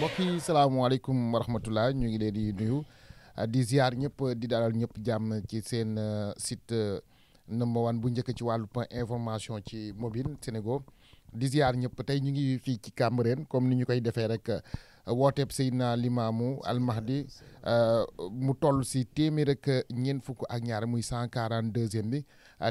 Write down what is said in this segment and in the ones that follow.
mbokk yi salaamaaleykum wa rahmatullah ñu ngi leen di nuyu ah, di ziar ñëpp di dalal ñëpp jàmm ci seen ah, sit ah, number one bu njëkk ci wàllu point information ci mobile Sénégal di ziar ñëpp tey ñu ngi fii ci Cambérène comme ni ñu koy defee rek wooteeb Seydina Limaamu Almahdi mu toll si téeméer ak ñeent fukk ak ñaar muy cent quarante deuxième bi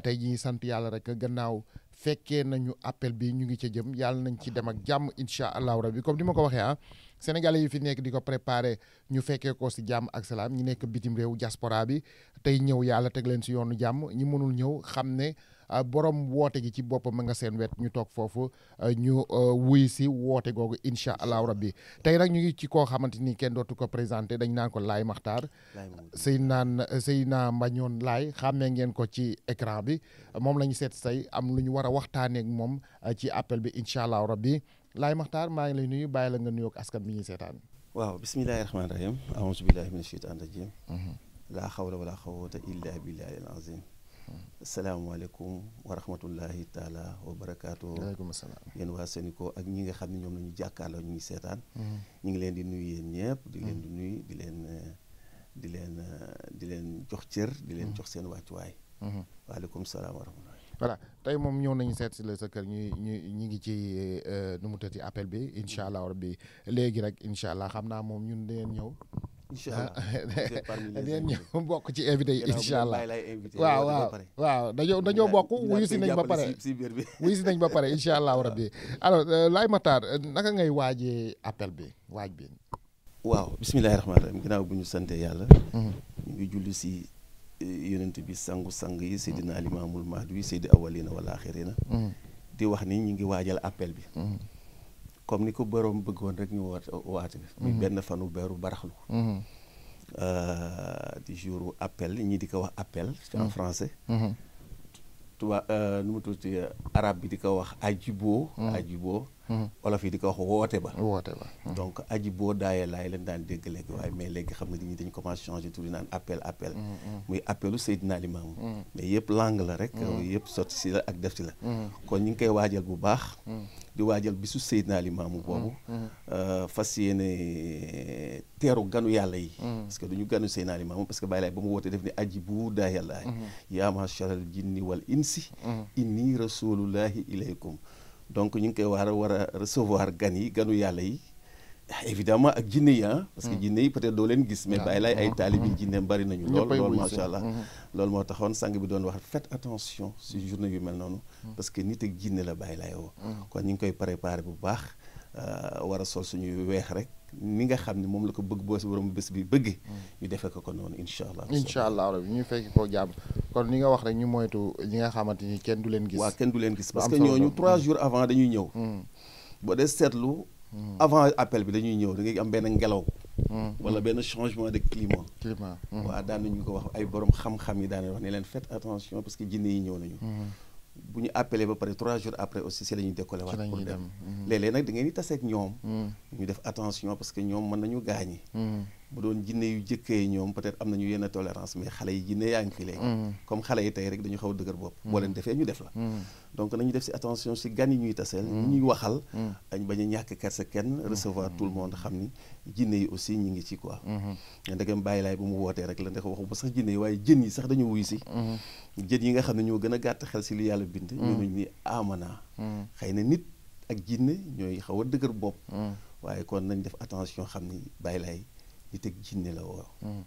tey ñi ngi sant yàlla rek gannaaw. fekkee nañu appel bi ñu ngi ca jëm yàlla nañ ci dem ak jàmm incha allahu rabbi comme ni ma ko waxee sénégalais yi fi nekk di ko préparer ñu fekkee ko si jàmm ak salaam ñu nekk bitim réew jaspora bi tey ñëw yàlla teg leen si yoonu jàmm ñi mënul ñëw xam ne ah, borom woote gi ci boppam ma nga seen wet ñu toog foofu ah, ñu ah, wuy si woote googu incha allahu rabbi tey rek ñu ngi ci koo xamante ni kenn dootu ko présenté dañ naan ko Laye Makhtar sëy naan sëy naa mbañoon laay xàmmee ngeen ko ci écran bi moom la ñu seet say am lu ñu war a waxtaanee moom ci appel bi incha allahu rabbi laay Makhtar maa ngi lay nuyu bàyyi la nga nuyoog askan bi ñuy seetaan. waaw bisimilahi rahmaani rahim aouzu billahi min shaytaan rajim mhm. laa xawla wala xawata illa billahi al azim mhm. asalaamaaleykum wa rahmatullahi taala wa barakaatu waaleykum salaam yéen waa Sénico ak ñi nga xam ne ñoom la ñu jàkkaarloo ñu ngi seetaan mhm. ñu ngi leen di nuy yéen ñëpp di leen di nuyu di leen di leen di leen jox cër di leen jox seen wàccuwaay waaleykum salaam wa tey moom ñëw nañu seet si la sa kër ñu ñu ñu ngi ci euh, nu mu tëti appel bi incha allah rabbi léegi rek incha allah xam naa moom ñun dinañ ñëw. incha allah ah, dinañ ñëw bokk ci invité yi incha allah waaw waaw waaw dañoo bokk wuyu si nañ ba pare wuyu si nañ ba pare incha allah rabbi alors euh, Laye Matar naka ngay waajee appel bi waaj bi. waaw bisimilah rahmaani rahiim ginnaaw bu ñu sante yàlla. Mm-hmm. ñu ngi julli si. yonent bi sangu sang yi mm. seydina alimaamul mahdi seydi awalina wal axirina mm. di wax ni ñu ngi waajal appel bi mm. comme ni ko borom bëggoon rek ñu waat waate muy benn fanu beeru baraxlu euh, di jour appel ñii di ko wax appel ci en français -hmm. tubaab euh, nu mu tuuti arab bi di ko wax ajibo ajibo olof yi di ko wax woote ba woote ba donc aji boo daayee laay leen daan dégg léegi waaye mais léegi xam nga nit ñi dañ commencé changé tout di naan appel appel mm, mm. muy appelu Seydina Limaamu mm. mais yëpp langue la rek yëpp sotti si la ak def si la kon ñu ngi koy waajal bu baax di waajal bisu Seydina Limaamu boobu euh, fas yéene teeru ganu yàlla yi parce que ñu ganu Seydina Limaamu parce que bàyyi laay ba mu wootee def ne aji boo daayee laay mm-hmm. yaa masharal jinni wal insi inni rasulullahi donc ñu ngi koy waar a war a recevoir gan yi ganu yàlla yi évidemment ak jinne yi ah parce que hmm. jinne yi peut-être doo leen gis mais ah. bàyyi laay ay hmm. taalibi hmm. jinne bari nañu lool lool macha allah lool moo taxoon sang bi doon wax faites attention si journée yu mel noonu parce que nit ak jinne la bàyyi laay woo kon ñu ngi koy préparé bu baax Euh, war a sol suñuy weex rek ni nga xam ni moom la ko bëgg boo si borom bés bi bëgg mm. ñu defee ko ko noonu incha allah incha allah rabi ñu fekk ko jàmm kon ni nga wax rek ñu moytu ñi nga xamante ni kenn du leen gis waaw kenn du leen gis parce que ñooñu trois jours avant dañuy ñëw mm. boo dee seetlu mm. avant appel bi dañuy ñëw da ngay am benn ngelaw wala benn changement de climat waa waaw daan nañu ko wax ay borom xam-xam yi daan wax ne leen faites attention parce que jinne yi ñëw nañu bu ñu appelé ba pare trois jours après aussi si la ñuy décollé waat pour dem mhm. léeg-léeg nag da ngeen di taseeg ñoom mhm. ñu def attention parce que ñoom mën nañu gaañi mhm. bu doon jinne yu jëkkee ñoom peut-être am nañu yenn tolérance mais xale yi jinne yaa ngi fi léegi mm. comme xale yi tey rek dañu xaw a dëgër bopp mm. boo leen defee ñu def la mm. donc nañu def si attention si gan yi ñuy taseel ñu ñuy waxal añ bañ a ñàkk kersa kenn recevoir tout le monde xam ni jinne yi aussi ñi ngi ci quoi mm-hmm. mais ndegem bàyyi laay bu mu wootee rek la ndax waxu ba sax jinne yi waaye jën yi sax dañu wuyu si mm-hmm. jën yi nga xam ne ñoo gën a gàtt xel si lu yàlla bind ñu nuñ ni amana xëy na nit ak jinne ñooy xaw a dëgër bopp waaye kon nañ def attention xam ni bàyyi laay di teg jinne la woo. Hmm.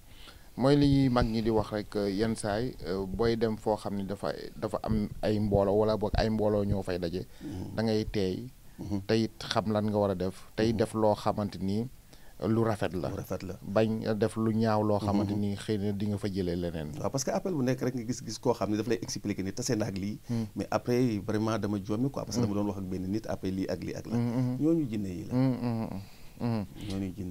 mooy li mag ñi di wax rek euh, yenn saay euh, booy dem foo xam ni dafa dafa am ay mbooloo wala boog ay mbooloo ñoo fay daje. Hmm. da ngay teey. Hmm. tey xam lan nga war a def tey def loo xamante nii lu rafet la. rafet la bañ def lu ñaaw loo xamante ni xëy na di nga fa jëlee leneen. waaw parce que appel bu nekk rek nga gis-gis koo xam ne daf lay expliquer ni tase na ak lii. mais après vraiment dama jommi quoi. parce dama doon wax ak benn nit après lii ak lii ak la. ñooñu jinne yi la.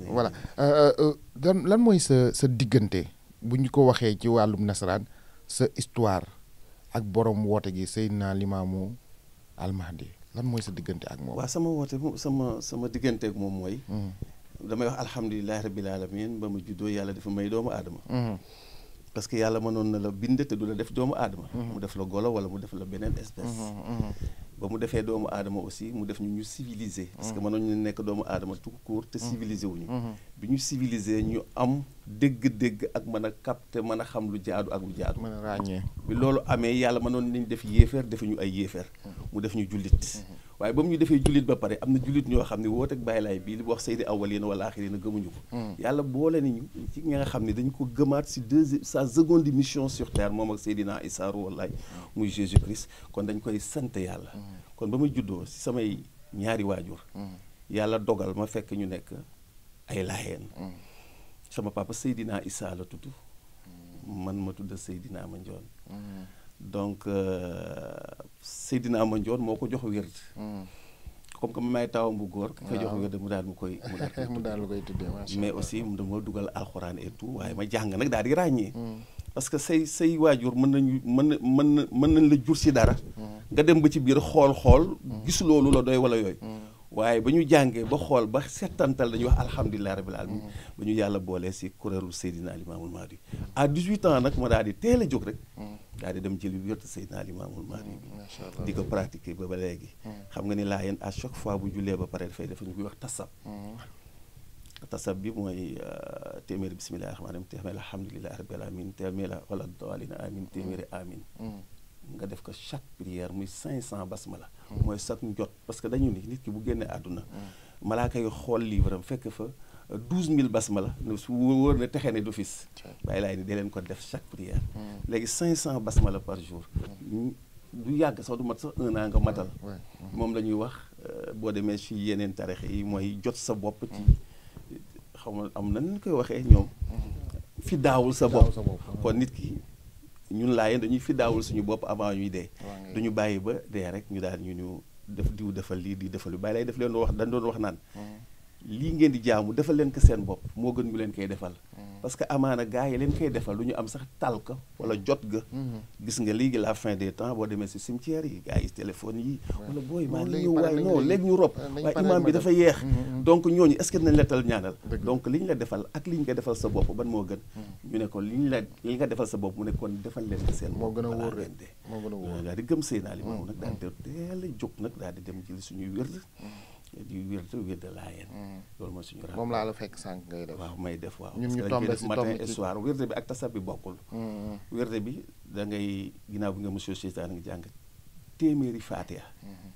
voilà euh, euh, euh, lan lan mooy sa sa diggante bu ñu ko waxee ci wàllum nasaraan sa histoire ak borom woote gi Seydina Limaamu Almahdi lan mooy sa diggante ak moom. waaw sama woote sama sama diggante ak moom mooy. Hmm. damay wax alhamdulilahi rabil alamin ba ma juddoo yàlla dafa may doomu aadama. Hmm. parce que yàlla noon na la bind te du la def doomu aadama. Hmm. mu def la golo wala mu def la beneen espèce. ba mu defee doomu aadama aussi mu def ñu ñu civilisé. parce que mm. mënoon ñu nekk doomu aadama tout court te mm. wu ñu mm-hmm. bi ñu civilisé ñu am dégg-dégg ak man a capter mën a xam lu jaadu ak lu jaadu. mën a ràññee bi loolu amee yàlla mënoon ñu def yéefeer defuñu ay yéefeer mm-hmm. mu def ñu jullit. Mm-hmm. waaye ba mu ñu defee jullit ba pare am na jullit ñoo xam ne woote ak bàyyi laay bii li wax saydi awwalina wala axirina gëmuñu ko hmm. yàlla boole nañu ci ñi nga xam ne dañu ko gëmaat si deuxième sa seconde mission sur terre moom ak seydina isaa ruuhu laay hmm. muy jésus christ kon dañ koy sant yàlla hmm. kon ba ma juddoo si samay ñaari waajur yàlla dogal ma fekk ñu nekk ay laayeen sama papa seydina isaa la tudd man ma tudd seydina ma njoon donc na euh, am Seydina Mandione moo ko jox wird hmm. comme que may taawam bu góor. waaw ka jox wird mu daal mu koy. mu daal mu koy tuddee macha mais aussi mu dama dugal alxuraan et tout waaye ma jàng nag daal di ràññee. Hmm. parce que say say waajur mën nañu mën na mën na mën nañ la jur si dara. Hmm. nga dem ba ci biir xool xool. gis loolu la doy wala yooyu. waaye ba ñu jàngee ba xool ba settantal dañuy wax alhamdulilah rabil alamin mm. ba ñu yàlla boolee si kuréelu Seydina Alimaamul Mahdi à 18 ans nag ma daal di teel a jóg mm. dem jël bi yott mm, Seydina Alimaamul di ko pratiquer ba ba léegi xam nga ni laa yéen à chaque fois bu jullee ba pare dafay def ñu kuy wax tasab tasab bi mooy euh, téeméeri bisimilahi rahmaani rahim téeméer alhamdulilahi rabil alamin téeméer wala dawalina amin téeméeri amin nga def ko chaque prière muy 500 basmala. mooy chaque njot parce que dañu ni nit ki bu génnee àdduna. malaaka yi xool livre am fekk fa 12000 basmala su wóor na texe ne du fis. bàyyi laay ni dee leen ko def chaque prière. léegi 500 basmala par jour. du yàgg sax du mat sax un an matal. Mm-hmm. moom la ñuy wax euh, boo demee ci yeneen tarix yi mooy jot sa bopp. ci mm-hmm. xaw ma am na ñu koy waxee ñoom. Mm-hmm. fi daawul sa bopp kon nit ki. ñun laayeen dañuy fi daawul suñu bopp avant ñuy dee dañu bàyyi ba dee rek ñu daal ñu ñu def diw defal lii di defal lu bàyyi lay def leen wax dañ doon wax naan mm. lii ngeen di jaamu defal leen ko seen bopp moo gën ñu leen koy defal mm. parce que amaana gaa yi leen koy defal du ñu am sax tal ka wala jot ga. Mm-hmm. gis nga léegi la fin des temps boo demee si cimetière yi gars yi téléphone yi. wala booy maa ngi ñëw waaye non léegi ñu rob euh, waaye imaam bi dafa yeex. Mm-hmm. donc ñooñu est ce que nañ la tal ñaanal. donc li ñu la defal ak li ñu ko defal sa bopp ban moo gën. Mm-hmm. ñu ne kon li ñu la li nga defal sa bopp mu ne kon defal leen ko seen. moo gën a wóor moo gën a wóor daal di gëm seen aal yi moom nag daal di teel a jóg nag daal di dem jël suñuy wér. di wirdu wirdu laayeen mm. loolu sànq ngay def waaw may def waaw ñun ñu tombé si matin et soir wirdu bi ak tasab bi bokkul mm-hmm. wirdu bi da ngay bi nga monsieur seytaan nga jàng téeméeri faatiha mm-hmm.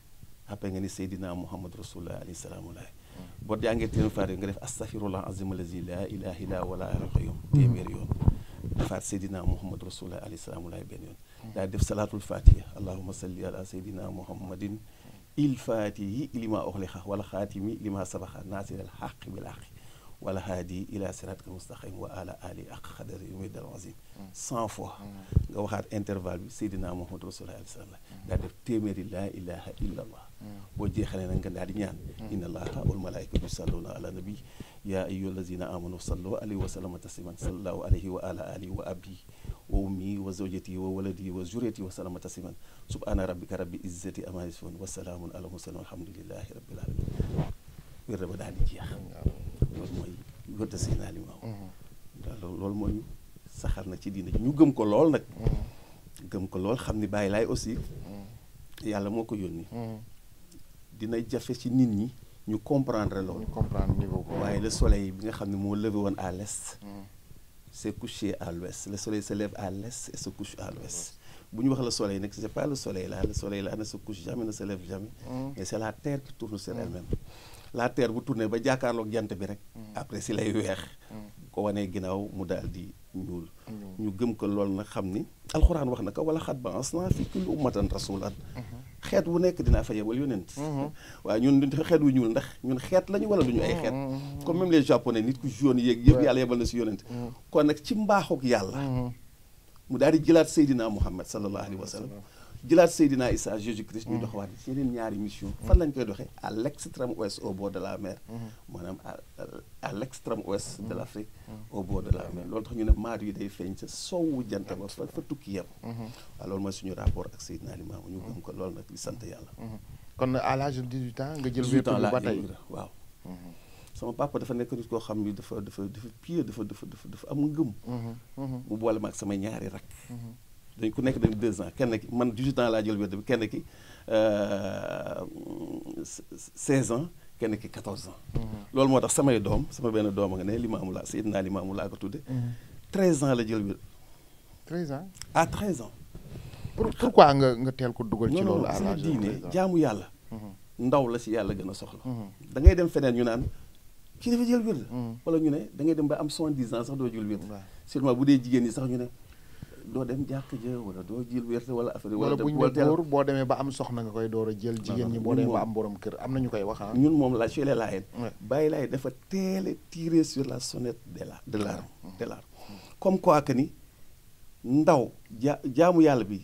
après nga ni seydina muhammad rasulullah alayhi salaamulaay jàngee téeméeri faatiha nga def astafirullah azim alazi la ilaha illa wala alqayum mm-hmm. téeméeri yoon defaat seydina muhammad rasulullah alayhi benn yoon daal def salaatul faatiha allahuma salli ala seydina muhammadin il faatihi limaa uxliqa wala xaatimi limaa sabaqa naasiril xaqi bil xaqi wala haadi ila siratika mustaqim wa ala ali ak xadari midal azim cent fois nga waxaat intervalle bi seydina muhammad rasulullah alai salam daal def téeméeri laa ilaha illa allah boo jeexalee nag nga daal di ñaan inna allaha wal malaikatu yusalluna ala nabi ya ayyuha allazina amanu sallu alayhi wa sallama tasliman sallallahu alayhi wa ala alihi wa abihi wa ummi wa zawjati wa waladi wa jureti wa salama tasliman subhaana rabbika rabbi izzati amma yasifun wa salaamun ala mursalin alhamdulillahi rabbil alamin wér ba daal di jeex loolu mooy wér da seen alimaaw loolu mooy saxal na ci diina ji ñu gëm ko lool nag gëm ko lool xam ni bàyyi laay aussi yàlla moo ko yónni dina jafe ci nit ñi ñu comprendre loolu comprendre niveau ko waaye soleil bi nga xam ne moo levé woon à l'est mm. s'est couché à l'ouest le soleil se lève à l'est se couche à l'ouest bu ñu wax le soleil nag c'est pas le soleil là le soleil là ne sa couche jamais ne se lève jamais mm. mais c'est la terre qui tourne sur mm. elle-même la terre bu tourné ba jàkkaarloog jant bi rek mm. après si lay weex ko wanee ginnaaw mu daal di ñuul ñu gëm ko lool nag xam ni alxuraan wax na ko wala xat ba ansna fi kulli ummatan rasulan mm-hmm. xeet wu nekk dinaa fa yebal yonent mhm. waaye ñun du xeet wu ñuul ndax ñun xeet lañu wala ñu ay xeet mhm. comme même les japonais nit ku jaune yéeg yëpp yàlla yebal na si yonent mhm. kon nag ci mbaaxook yàlla mu daa di jëlaat Seydina Muhammad sallallahu alayhi wa sallam jëlaat Seydina a Jésus Christ ñu mm. doxawaat ci yeneen ñaari mission mm. fan lañ koy doxee à l' extrême ouest au bord de la mer mm-hmm. maanaam à l' extrême ouest de mm-hmm. l' Afrique mm-hmm. au bord de la mer loolu tax ñu ne maar yi day feeñ sa sowwu jant ba fa fa tukki yem waaw loolu mooy suñu rapport ak Seydina Limaamu ñu gëm ko loolu nag li sant yàlla kon à l'âge de 18 ans nga jël waaw sama papa dafa nekk nit koo xam ni dafa dafa dafa dafa dafa dafa am ngëm mu boole ak sama dañ ku nekk dañ deux ans kenn ki man 18 ans laa jël wérd bi kenn ki 16 euh, ans kenn ki 14 ans. Mm-hmm. loolu moo tax samay doom sama benn doom a nga ne Limaamu laa Seydina Limaamu laa ko mm-hmm. ans la jël wérd. 13 ans à 13 ans. pour pourquoi nga nga teel ko dugal. ci loolu à l'âge jaamu yàlla. Mm-hmm. ndaw la si yàlla gën a soxla. da ngay dem feneen ñu naan kii dafa jël wérd. wala ñu ne da ngay dem ba am 70 ans sax doo jël wérd. sûrement bu dee jigéen ñi sax ñu ne. doo dem jàkk ja wala doo jël wérte wala affaire wala buñ ne góor boo demee ba am soxna nga koy door a jël jigéen ñi boo demee ba am borom kër am nañu koy wax ah ñun moom la chez les Layènes bàyyi laay dafa teel a tiré la sonnette de la de l'alarme de l'alarme comme quoi que ni ndaw ja jaamu yàlla bi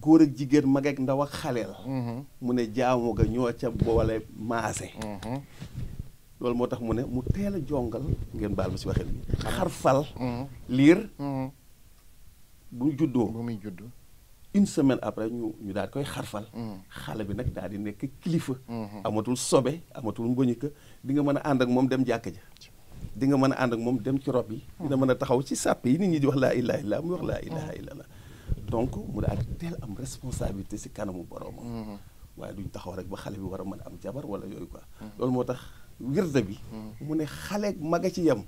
góor ak jigéen mag ak ndaw ak xale la mm-hmm. mu ne jaamu ga ñoo ca boole maase mm-hmm. loolu moo tax mu ne mu teel a jongal ngeen baal ma si waxee xarfal mm-hmm. liir bu juddoo bu muy judd une semaine après ñu ñu daal koy xarfal mm. xale bi nag daal di nekk kilifa mm-hmm. amatul sobe amatul mboñika di nga mën a ànd ak moom dem jàkk ja di nga mën a ànd ak moom dem ci rob yi mm. dina mën a taxaw ci sàpp yi nit ñi di wax laa ilaha illa mu wax laa ilaha mm. illa donc mu daal di teel am responsabilité si kanamu boroomam mm-hmm. waaye duñ taxaw rek ba xale bi war a mën a am jabar wala yooyu quoi loolu moo tax wirda bi mu ne xale mag a ci yam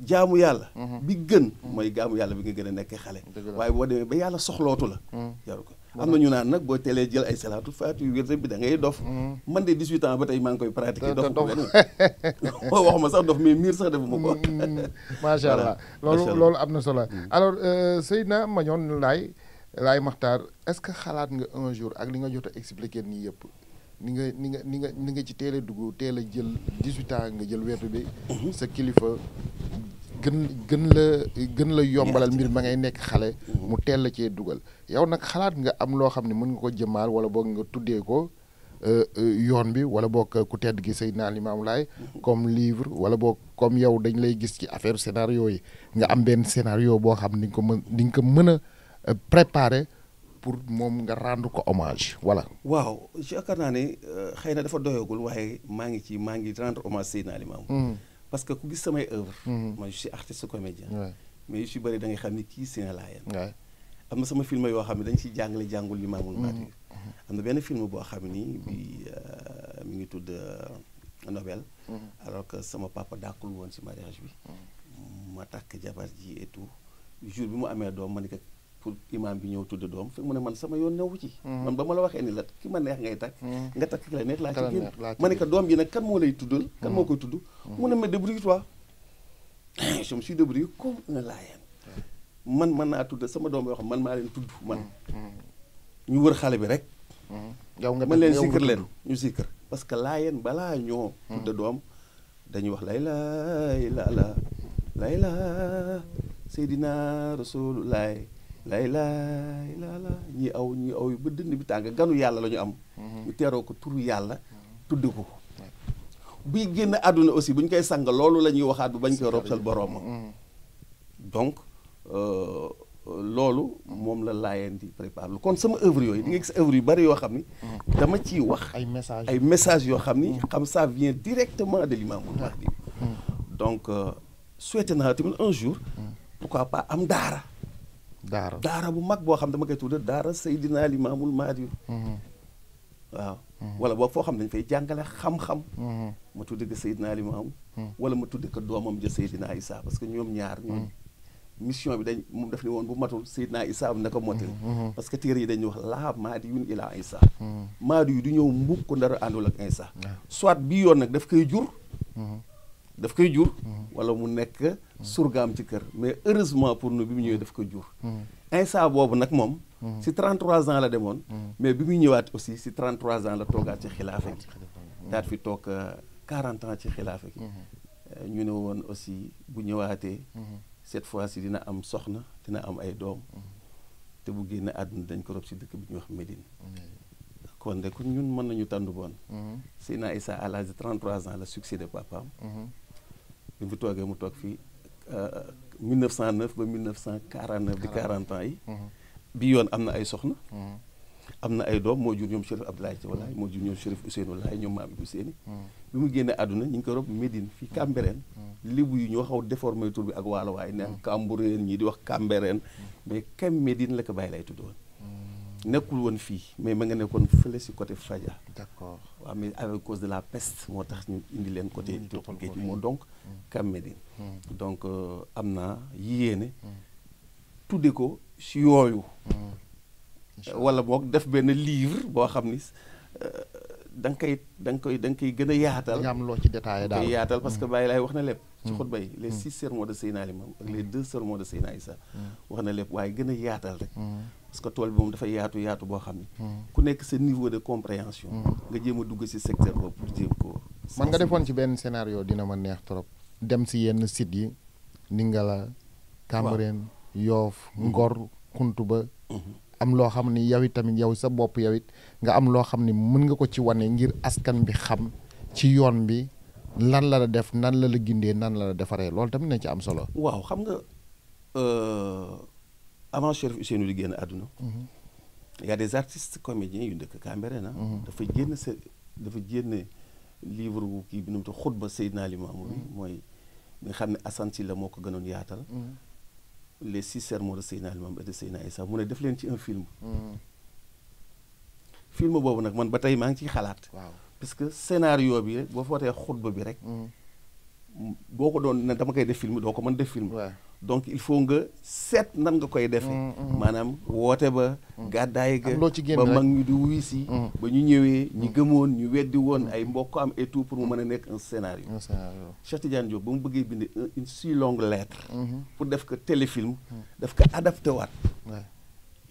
jaamu yàlla mhm. bi gën mhm. mooy jaamu yàlla bi nga gën a nekkee xale waaye boo demee ba yàlla soxlootu la jaru mhm. ko am na ñu naan nag boo teelee jël ay salaatu faatu yu wér bi da ngay dof man de 18 ans ba tey maa ngi koy pratiquer dof waxuma sax dof mais miir sax defuma ko macha allah loolu loolu am na solo alors euh, Seydina Mandione laay laay Makhtar est-ce que xalaat nga un jour ak li nga jot a expliquer nii yëpp ni nga ni nga ni nga ni nga ci teel a dugg teel a jël 18 nga jël wetu bi. Mhm. sa kilifa gën gën la gën la yombalal mbir ma ngay nekk xale. Mhm. mu teel la cee dugal. yow nag xalaat nga am loo xam ne mën nga ko jëmaal wala boog nga tuddee ko. Euh, euh, yoon bi wala boog ku tedd gi Seydina Limaamu Laay mhm. comme livre wala boo comme yow dañ lay gis ci affaire scénario yi nga am benn scénario boo xam ni nga ko mën di nga ko mën a euh, préparer pour moom nga rendre ko hommage voilà. waaw yaakaar naa ne euh, xëy na dafa doyagul waaye maa ngi ci maa ngi rendre hommage Seydina Limamou. Hmm. parce que ku gis samay œuvre hmm. man je suis artiste comédien. mais si bëri da ngay xam ni kii Sénégal laayeen. am na sama film yoo xam ne dañ ciy jàngale jàngul Limaamul hmm. Mahdi. am na benn film boo xam ni bi euh, mi ngi tudd euh, Nobel. alors que sama papa dàqul woon si mariage bi. ma takk jabar ji et jour bi mu amee doom ma ni pour imam bi ñëw tudd doom fi mu ne man sama yoon newu ci mm-hmm. man ba ma la waxee ni la ki ma neex ngay takk mm-hmm. nga takk ki la neex laa ci génn ma ne ko doom ji nag kan moo lay tuddal kan moo mm-hmm. tudd me suis débrouillé man naa tudd sama doom yoo xam man maa tudd man ñu wër xale bi rek yow nga man leen sikkër leen ñu sikkër parce que laayeen balaa ñoo tudd doom dañuy wax lay laay la la lay la Seydina Rasulullaay lay laay laa la ñi aw ñi aw ba dënd bi tàng ganu yàlla la ñu am mhm. ñu teeroo ko turu yàlla mhm. tudd ko buy génn àdduna aussi bu ñu koy sang loolu la ñuy waxaat bu bañ koy robsal boroomam mhm. donc euh, loolu moom la laayeen di préparé kon sama œuvre yooyu di nga gis yu bari yoo xam ni dama ciy wax ay message ay message yoo xam ni xam ça vient directement de l'imamul Mahdi donc euh, souhaité naa tamit jour pourquoi pas am daara daara daara bu mag boo xam dama koy tudd daara Seydina Limaamul Mahdi mhm. waaw mhm. wala boo foo xam dañ fay jàngale xam-xam mhm. ma tudde ko Seydina Limaamu wala ma tudde ko doomam ja Seydina Isaa parce que ñoom ñaar ñooñu mission bi dañ mu def ni woon bu matul Seydina Isaa na ko motil parce que téere yi dañuy wax laa Mahdi yun ilaa Isaa Mahdi yu du ñëw mbukk ndara àndul ak Isaa soit bii yoon nag daf koy jur daf koy jur. Mhm. wala mu nekk mhm. surgaam ci kër mais heureusement pour nous bi mu ñëwee daf ko jur. Mhm. instant boobu nag moom. si 33 ans la demoon. mais bi muy ñëwaat aussi si 33 ans la toogaat ci xilaafa gi. daat fi toog 40 euh, ans ci euh, ñu ne woon aussi bu ñëwaatee. cette fois ci dina am soxna dina am ay doom. te bu génne àdduna dañ ko rob si dëkk bi ñuy wax Médine. kon de kon ñun mën nañu tàndu boon. Seydina Issa à l'âge de 33 ans la succédé papaam. bi mu toogee mu toog fii 1909 euh, ba 1949 di 40 ans yi mhm. bi yoon am na ay soxna mhm. am na ay doom moo jur ñoom Chérif Abdoulaye Thiaw Laye moo jur ñoom Chérif Ousseynou Laye ñoom maam Ibou Séni mhm. bi mu génnee àdduna ñu ngi ko rob Médine fii Cambérène libu yu ñoo xaw déformé tur bi ak waalo waaye neen Cambérène ñii di wax Cambérène mais kam Médine la ko bàyyi lay tuddoon nekkul woon fii mais ma nga nekkoon fële si côté Fadia. d'accord waaw mais à cause de la pest moo tax ñu indi leen côté. toppal moo donc. Hmm. Cap Médine. Hmm. donc euh, am na yéene. Hmm. tudde ko si yooyu. wala boog def benn livre boo xam ni. Euh, da nga koy da koy da koy gën a yaatal. nga am loo ci détaillé daal yaatal parce que mm. Baye Laay wax na lépp. Mm. ci xutba yi mm. les six sermons de Seydina Limamou ak les deux sermons de Seydina Issa. wax na lépp waaye gën a yaatal rek. parce que tool bi moom dafa yaatu yaatu boo xam ne. ku nekk sa niveau de compréhension. nga jéem a dugg si secteur boobu pour jéem ko man nga defoon ci benn scénario dina ma neex trop. dem si yenn sites yi. Ningala. Cambérène Yoff mm-hmm. Ngor ba am loo xam ni yow tamit yow sa bopp yow nga am loo xam ni mën nga ko ci wane ngir askan bi xam ci yoon bi lan la la def nan la la gindee nan la la defaree loolu tamit na ci am solo. waaw xam nga euh, avant Chérif Ousseynou di génn àdduna. Mhm. y des artistes comédiens yu dëkk na mhm. dafa génn sa dafa génn livre wu kii bi nu mu tudd xutba Seydina Limaamu bi mhm. mooy nga xam ne assanti la moo ko gën gënoon yaatal. les six sermons de Seydina Limamou et de Seydina Issa mu ne def leen ci un film. Hmm. film boobu nag man ba tey maa ngi ciy xalaat. waaw parce que scénario bi rek boo footee xutba bi rek. Hmm. boo ko doon ne dama koy def film doo ko mën def film donc il faut nga seet nan nga koy defee mm, mm. maanaam woote ba mm. gàddaay ga ba mag ñu di wuy si ba ñu ñëwee ñu gëmoon ñu weddi woon ay mbokk am et tout pour mu mën a nekk un scénario Cheikh Tidiane Diop ba mu bëggee bind une si longue lettre mm-hmm. pour def ko téléfilm daf ko adapté waat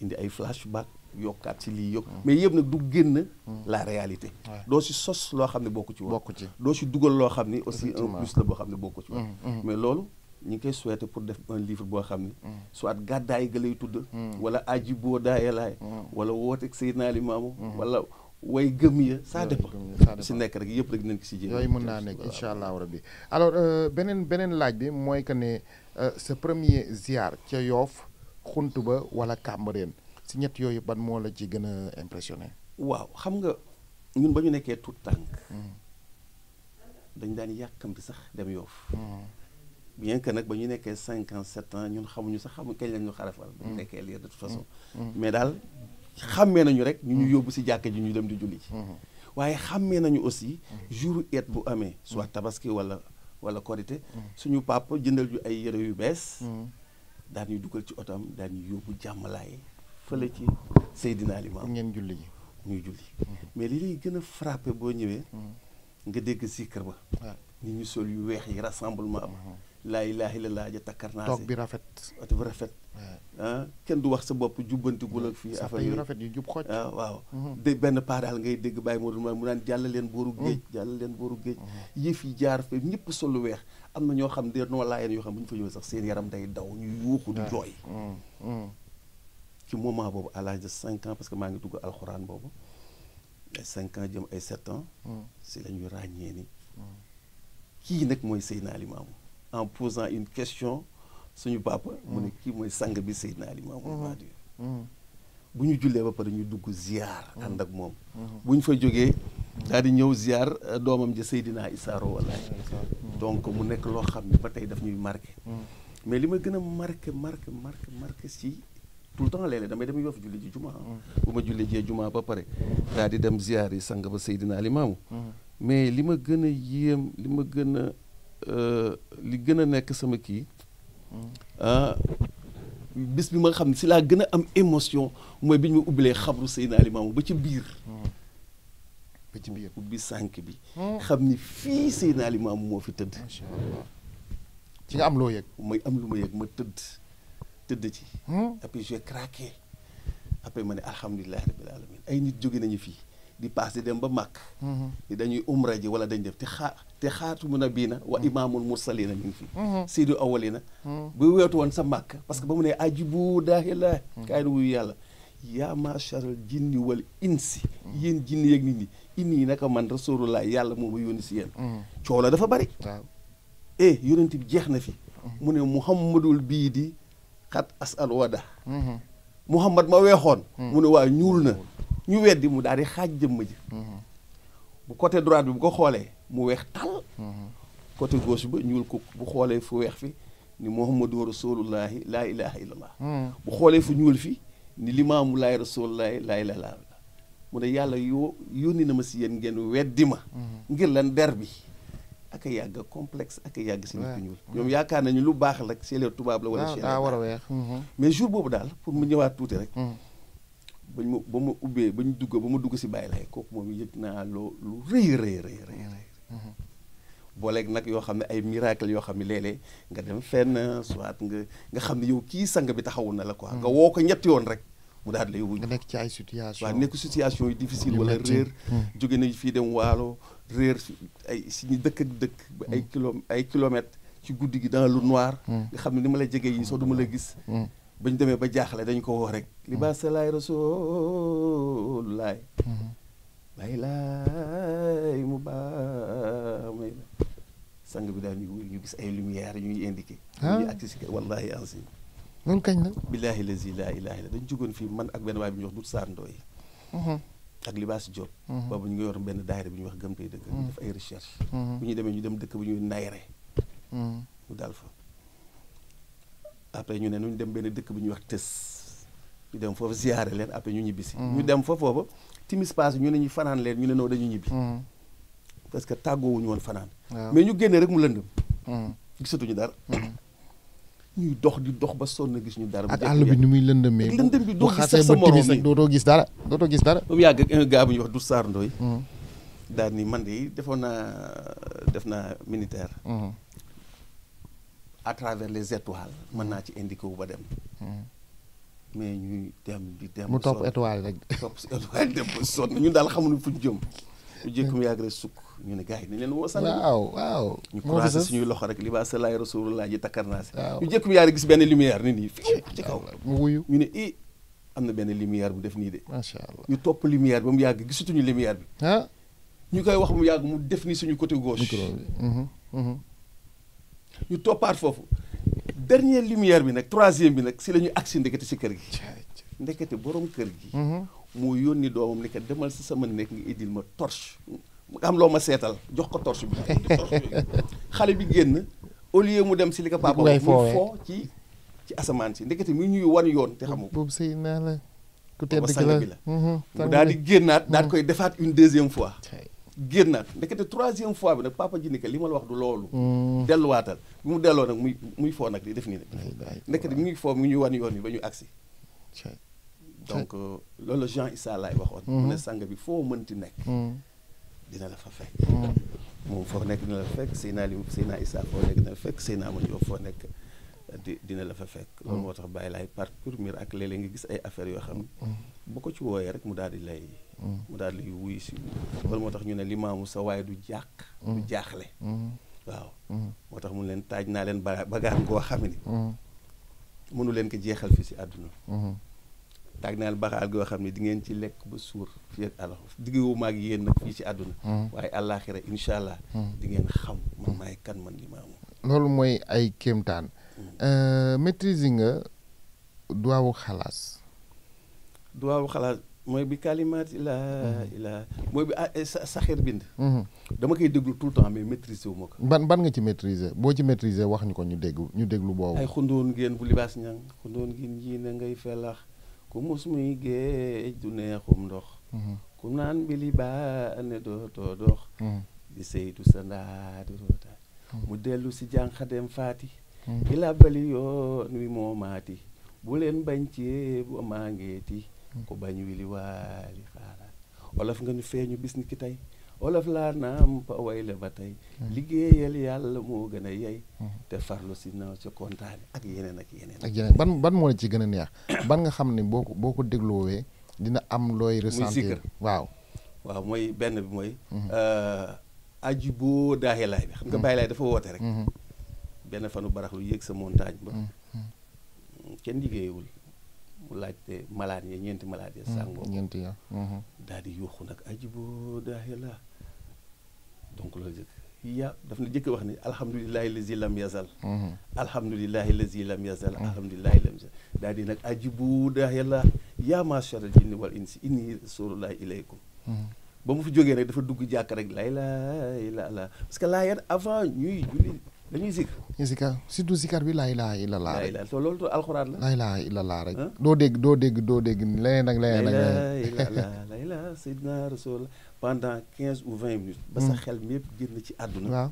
indi ay flashback yokkaat ci lii yokk mm. mais yëpp nag du génn mm. la réalité doo si sos loo xam ne bokku ci woon doo si dugal loo xam ne aussi un plus la boo xam ne bokku ci woon mm, mais loolu ñu ngi koy pour def un boo xam ni soit gàddaay ga tudd wala aji boo daayalaay wala wooteeg Seydina Limaamu wala way gëm saa ça si nekk rek yëpp rek dinañ si jéem yooyu mën naa nekk incha allahu rabbi alors euh, beneen beneen laaj bi mooy que ne sa euh, premier ziar ca yoof xunt ba wala Cambérène si ñett yooyu ban moo la ci gën a impressionné. waaw xam nga ñun ba ñu nekkee tout tànk hmm. dañ daan yàkkamti sax dem yoof hmm. bien que nag ba ñu nekkee cinq ans sept ans ñun xamuñu sax xamu kañ lañ ñu xarafal. ba hmm. ñu nekkee liir de toute façon. mais daal xàmmee nañu rek. ñu ñu yóbbu si jàkka ji ñu dem di julli ci waaye xàmmee nañu aussi jour eet bu amee. soit tabaski wala wala korité suñu papa jëndal ñu ay yére yu bees. daan ñu dugal ci otam daan ñu yóbbu jàmmalaay. fële ci Seydina Limaamu ngeen julli ji ñuy julli mm-hmm. mais li lay gën a frappé boo ñëwee mm-hmm. nga dégg sikkar ba nit ñu sol yu weex yi rassemblement am laa mm-hmm. la laa ja takkar naa toog bi rafet at ah, bu rafet ah kenn du wax sa bopp jubbantigul ak fii affaire yu rafet yu jub xoj ah, waaw de benn paa daal ngay dégg bàyyi moo ma mu naan jàll leen booru mm. géej jàll leen booru géej yëf yi jaar fa ñëpp sol lu weex am na ñoo xam de noo laayeen yoo xam bu ñu fa ñëwee sax seen yaram day daw ñu yuuxu di jooy ci moment boobu à l'âge de cinq ans parce que maa ngi dugg alxuraan boobu ay cinq ans jëm ay sept ans hmm. si la ñuy ràññee ni kii nag mooy Seydina Limaamu en posant une question suñu papa mu ne hmm. kii mooy sang bi Seydina Limaamu Mahdi hmm. bu ñu jullee ba pare ñu dugg ziar ànd ak moom bu ñu fa jógee daal di ñëw ziar euh, doomam ji Seydina Issa Rohou Laye donc mu nekk loo xam ne ba tey daf ñuy marqué mais li ma gën a marqué marqué marqué marqué si tout le temps damay dem Yoff julli ji juma ah. bu ma julli jee jumaa ba pare daal di dem ziyaar yi sang ba Seydina Limaamu mm-hmm. mais li ma gën a yéem li ma gën a euh, li gën a nekk sama kii mm-hmm. ah, bis bi ma xam si laa gën a am émotion bi ñu ma ubbilee xabru ci biir mm-hmm. ba ci ubbi sànq bi xam ni fii Seydina Limaamu moo fi tëdd ci am loo yëg mooy am lu ma yëg ma tëdd tëdd ci. Hmm? après j'ai craqué après ma ne alhamdulilah rabbil alamin ay nit jóge nañu fii di paas di dem ba màkk. Hmm. ni dañuy umra ji wala dañ def te xaa na xaatumu na wa hmm. imaamul mursalina a ngi fi. Seydou awalina. bu weetu woon sa màkk parce que ba mu ne ajibu daahila. kaay wuyu yàlla. yaa macharal jinni wal insi. yéen jinni yeeg nit ñi inni naka man rasulullah yàlla moo ma yónni si yéen. coow la dafa bari. waaw eh bi jeex na fi. mu ne muhammadul bii di. xat as al wada muhammad ma weexoon mu ne waa ñuul na ñu weddi mu daal di xaaj jëmm ji bu côté droite bi bu ko xoolee mu weex tal côté gauche ba ñuul ko bu xoolee fu weex fi ni muhammadu rasulullahi laa ilaha illallah bu xoolee fu ñuul fi ni limaamu laay rasulullahi laa ilaha illallah mu ne yàlla yoo yónni na ma si yéen ngeen weddi ma ngir lan der bi ak yàgg complexe ak a yàgg si nit ku ñuul ñoom yaakaar nañu lu baax rek c'est le tubaab la wala ah, daa war mhm. mais jour boobu daal pour mu ñëwaat rek bañ mhm. ba ma ubbee ba ñu dugg ba mu dugg si bàyyi lay kooku moom yëg naa loo lu rëy rëy rëy rëy mhm. booleeg nag yoo xam ne ay miracle yoo xam ne léeg-léeg nga dem fenn soit nga nga xam ne yow kii sang bi taxawu na la quoi nga woo ko ñetti yoon rek mu daal di lay wuñ nga nekk ci ay situation waaw nekk situation yu difficile wala réer hmm. jóge nañ fii dem waalo réer ay si ñu dëkk ak dëkk ba ay hmm. kilo ay kilomètres ci guddi gi dans lu noir hmm. nga xam ne ni ma la jege yi soo du la gis ba ñu demee ba jaaxle dañu ko wax rek li ba sa laay rasool laay bàyyi laay mu baa may la sang bi daal ñu gis ay lumière yu ñuy indiqué ah. ñu ñuy accès wallahi ancien loolu kañ la. billaahi lazi laa ilaaha la dañu jógoon fii man ak benn waay bi ñuy wax Dut Saar Ndooy mhm. ak Libaas Diop. Mhm. boobu ñu ngi yor benn daayira bi ñu wax gëm tey dëkk. Mhm. ñu def ay recherche. bu ñu demee ñu dem dëkk bu ñuy Nayre. ñu daal fa. après ñu ne ñu dem benn dëkk bu ñuy wax Tës. ñu dem foofu ziyaare leen après ñu ñibbisi. ñu dem fa foofa timis paas ñu ne ñu fanaan leen ñu ne noo dañu ñibbi. parce que tàggoowuñu woon fanaan. mais ñu génnee rek mu lëndëm. gisatuñu dara. ñuy dox di dox ba sonn gis ñu dara. ak àll bi ni muy lëndëmee. ak lëndëm bi doo gis sax sa morom bi dootoo gis dara dootoo gis dara. mu yàgg ak un gars bu ñuy wax du Sarr mm-hmm. daal ni man de defoon naa def naa militaire. Mm-hmm. à travers les étoiles mën naa ci indiqué wu ba dem. Mm-hmm. mais ñuy dem di mu topp étoile rek. topp si étoile dem ba sonn ñun daal xamuñu fu ñu jëm. bu jékku mu yàgg rek sukk. ñu ne gars yi ni leen woo sang waaw waaw ñu croisé suñuy loxo rek li baa sa laay rasulullah ji takkarnaasi ñu jëkk bi yaa gis benn lumière ni nii fii ci kaw mu wuyu ñu ne i eh, am na benn lumière bu def nii de macha allah ñu topp lumière ba mu yàgg gisutuñu lumière bi ñu koy wax mu yàgg mu def nii suñu côté gauche mhm, mhm. ñu toppaat foofu dernière lumière bi nag troisième bi nag si la ñu agsi ndekete si kër gi ndekete borom kër gi mhm. moo yónni doomam ne demal si sama mu am loo ma seetal jox ko torche bi xale bi génn au lieu mu dem si li ko papa mu ci ci asamaan si ndekete mi ñuy wan yoon te xamu boobu sa naa la ku tedd ki la bi la mhm. mu daal di génnaat daal mhm. koy defaat une deuxième fois génnaat ndekete troisième fois bi nag papa ji ni li ma la wax du loolu mhm. delluwaatal bi mu delloo nag muy muy foo nag di def nii nag ndekete mi ngi fo mu ñuy wan yoon bi ba ñu agsi donc euh, loolu Jean i laay waxoon mu ne sang bi foo mënti nekk dina la fa fekk moom foo nekk dina la fa fekk Seyna Lim Seyna Issa foo nekk dina la fa fekk Seyna Amadou Diop foo nekk euh, dina la fa fekk loolu mm. moo tax bàyyi laay par miir ak léeg-léeg nga gis ay affaires yoo xam ne mm. bu ko ci wooyee rek mu daal di lay mm. mu daal di lay wuyu si loolu moo tax ñu ne limaamu sa waaye du jàq du jaaxle waaw moo tax mun leen taaj naa leen ba bagaan goo xam ni mënu leen ko jeexal fi si àdduna tàgg naa baxaal goo xam ne di ngeen ci lekk ba suur fii ak àll diggu ma ak yéen nag fii ci àdduna. Mm-hmm. waaye àllaaxira incha allah. Mm-hmm. di ngeen xam man maay kan man li ma am. loolu mooy ay kéemtaan. Mm-hmm. Euh, maîtriser nga duwaawu xalaas. duwaawu xalaas mooy bi kalimaat ilaa ilaa mooy bi ah, eh, saxeer bind. dama koy déglu tout temps mais maîtriser wu ma ko. ban ban nga ci maîtriser boo ci maîtriser wax ñu ko ñu dégg ñu déglu boobu. ay xundoon ngeen bu libaas ñang xundoon ngeen yii ku mus muy géej du neexum ndox mm-hmm. ku naan bi li baa ne dootoo dox mm-hmm. di saytu sa ndaa di rootaat mm-hmm. mu dellu si jànq dem faati ki làbbali yoon wi moo maati bu leen bañ ci bu maa ngeeti ku bañ wili waali xaaraat wolof nga ñu feeñu bis ni ki tey olof laa naam pa way la ba tey hmm. liggéeyal yàlla moo gën a yey hmm. te farlu si na si kontaane ak yeneen ak yeneen ak yeneen ban ban moo la ci gën a neex ban nga xam ne boo ko boo ko dégloowee dina am looy ressentir waaw waaw mooy benn bi mooy hmm. euh, aji boo daaxee laay bi xam nga bàyyi dafa woote rek benn fanu barax lu yéeg sa montagne ba kenn liggéeyewul mu laajte malaan ya ñeenti malaat ya sàngoo ñeenti ya daal di yuuxu nag aji boo donc loolu ya daf na jëkk wax ni alhamdulilahi lazi lam yazal mhm. alhamdulilahi lazi lam yazal mhm. alhamdulilahi lam yazal daal di nag ajibu daa yàlla yaa ma'shara jinni wal insi inni rasulullahi ilaykum mhm. ba mu fi jógee nag dafa dugg jàkk rek lay lay la la parce que laayeen avant ñuy julli dañuy zikr dañuy zikar surtout zikar bi laa ilaaha illallah rek laa loolu to alxuraan la laa ilaaha illallah rek doo dégg doo dégg doo dégg leneen ak leneen ak leneen laa ilaaha sayyidina rasul pendant quinze ou vingt minutes ba sa hmm. xel mi yëpp génn ci àdduna waaw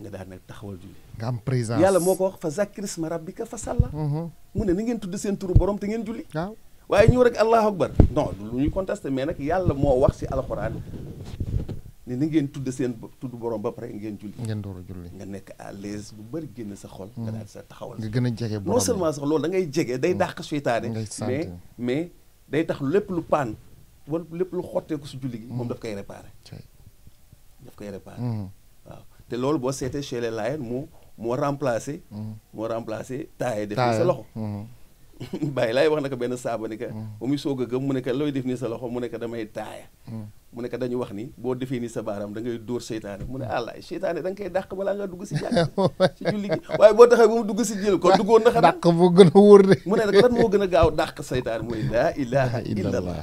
nga daal nag taxawal julli nga am présence yàlla moo ko wax fa zakkir isma rabbika fa salla hmm. mu ne ni ngeen tudd seen turu borom te ngeen julli waaw waaye ñëw rek allahu akbar non lu ñuy contesté mais nag yàlla moo wax si alxuraan ne ni ngeen tudd seen tudd borom ba pare ngeen julli ngeen door a julli nga nekk à l'aise bu bëri génn sa xol nga mm. daal sa taxawal nga gën a jege borom non seulement sax loolu da ngay jege day mm. dàq seytaane mais mais day tax lépp lu paan wala lépp lu xotteeku su julli gi mm. moom daf koy réparé daf koy réparé waaw te loolu boo seetee chez les Layènes moo moo remplacé moo remplacé taaye def sa loxo mm-hmm. bàyyi laay wax na ko benn saaba ni que mm. ba muy soog a gëm mu ne looy def nii sa loxo mu ne que damay taaya mm. mu ne que dañu wax ni boo defee nii sa baaraam da ngay dóor seytaane mu ne àllaay mm. seytaane da nga koy dàq balaa ngaa dugg si jàkk si waaye boo taxee ba dugg si jël kon duggoon na xanaa dàq boo gën a wóor de mu ne nag lan moo gën a gaaw dàq seytaane mooy laa ilaha illallah